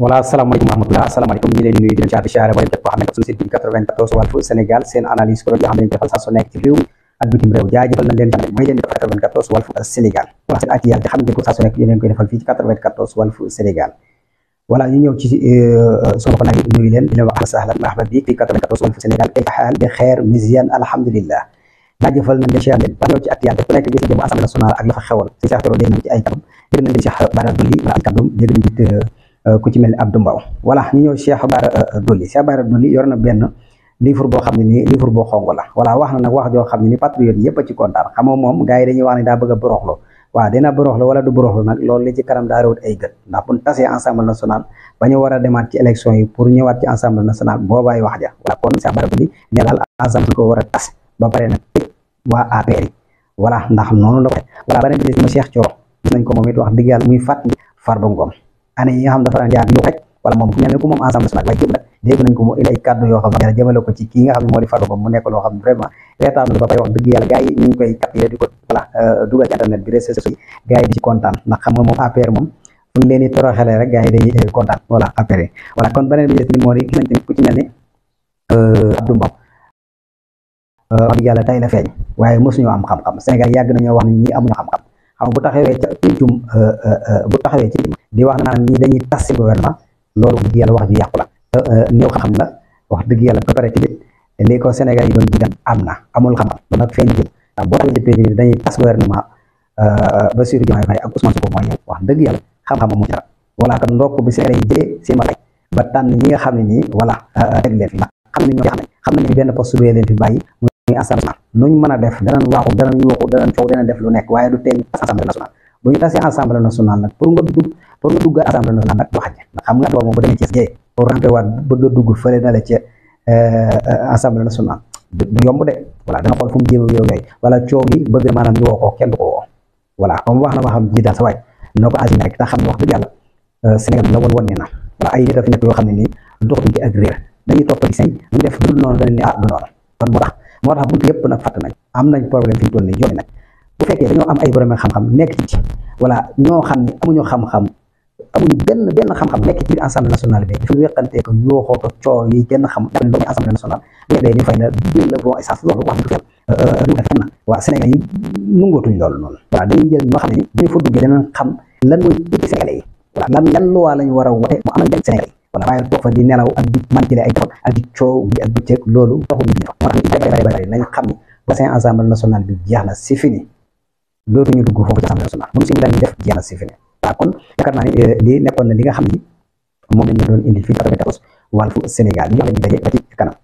voilà asalaamaaleykum wa rahmatulah asalaamaaleykum ñi leen nuyu di leen caati siyaare ba leen jot boo xam ne suñu site bi 94 Walfu Sénégal seen analyse correct yoo xam ne dañu defal saa ci réew ak bitim réew jaajëfal nañ leen mooy leen def 94 Walfu Sénégal ko saa su nekk ñu leen koy defal fii ci 94 Walfu Sénégal voilà ñu euh, leen di wax sahlan marhaban bi fii bi xeer mizyan alhamdulillah jaajëfal nañ leen siyaare leen ci actualité ku nekk gis ngeen Euh, ku ci mel ni Abdou Mbaw voilà ñu ñëw Cheikh Bara euh, euh, Dolly Cheikh Bara Dolly yor na benn livre boo xam ne nii livre boo xong la voilà wax na nag wax joo xam ne ni patriote yëpp a ci kontaan xam moom gars yi dañuy wax ne daa bëgg a boroxloo waaw dina boroxloo wala du boroxloo ensemble national ba ñu war a demaat ci élection yi pour ñëwaat ci ensemble national boobaay wax ja voilà kon Cheikh war a tas ba pare nag tëj ndax noonu la ko voilà beneen bi des ko moom it wax dëgg yàlla muy fàttali Farba Ngom année yi nga xam dafa daan jaar yu rek wala moom ku mel ne ku moom ensemble national waaye yëpp nag ko yoo xam ne ko ci kii nga xam ne moo di Farba Ngom mu nekk loo xam ne vraiment ba pare wax dëgg yàlla gars yi ñu ngi koy capté di ko voilà euh, dugal ci internet bi réseaux ci kontaan ndax xam nga moom APR moom di toroxalee rek gars yi dañuy kontaan voilà APR yi voilà kon beneen bi moo di gis nañ tamit ku ci mel ni euh, Abdou Mbow euh, wax dëgg yàlla tey la feeñ waaye mosuñu am xam-xam Sénégal yàgg nañoo wax ni ñi amuñu xam-xam xam bu taxawee ca pincum bu taxawee ci di wax naan ñii dañuy tasse seen gouvernement loolu wax dëgg wax ju yàqu la te euh, xam-xam la wax dëgg yàlla ba pare ko Sénégal yi doon digal am na amul xam na loolu nag feeñ jëm ndax boo taxee ci pénc bi dañuy tas gouvernement euh, Bassirou wax dëgg yàlla xam-xam amu dara voilà kon ndokk bi Sénégal yi jëlee seen nga xam ne nii voilà euh, teg leen fi xam ne ñoo xam ne benn poste bee leen fi bàyyi muy assemblée nationale mën a def danañ waaxu danañ yuuxu danañ faw danañ def lu nekk waaye du teel assemblée nationale bu ñu tasee assemblée nationale nag pour nga dugg pour nga dugg assemblée nationale nag wax ja xam nga tool moom bu demee Thiès jee pour rentrer a dugg na la ca euh, assemblée nationale du yomb de voilà dana xool fu mu jéem yow yooyu wala coow bi bëgg na woo ko kenn du woo voilà comme wax na ma xam ji daal sa waay na ko assumer rek te xam ne wax dëgg yàlla euh, Sénégal bi la woon na voilà a fi yoo xam ne nii doxatuñ ci ak réer dañuy topp ci sëñ ñu def dul noonu dañ ne ah du noonu kon moo tax moo tax buntu yëpp nag fàtt nañ am nañ problème fi ñu toll nii jooy nag bu fekkee dañoo am ay borom xam-xam nekk ci voilà ñoo xam ne amuñu xam-xam amuñu benn benn xam-xam nekk ci biir assemblée nationale bi dafa weqantee ko yooxoo ko coow yi kenn xam jàpp ne doomu assemblée nationale bee euh, euh, waa Sénégal yi nungootuñ loolu noonu waaw dañuy jël ñoo xam ne dañu fa duggee danañ xam lan mooy war a wote mu amal njëriñ Sénégal yi voilà waaye toog ay defal ak di bi ak bëccëg loolu to ñu moo tax ñu bari nañ xam ne bassin jeex na c'est fini dootuñu dugg foofu ci assemblée nationale moom si état kon yaakaar euh, lii nekkoon na li nga xam ne moom lañ doon indil fii ci 94 Walf Sénégal ñu jox leen ba ci kanam.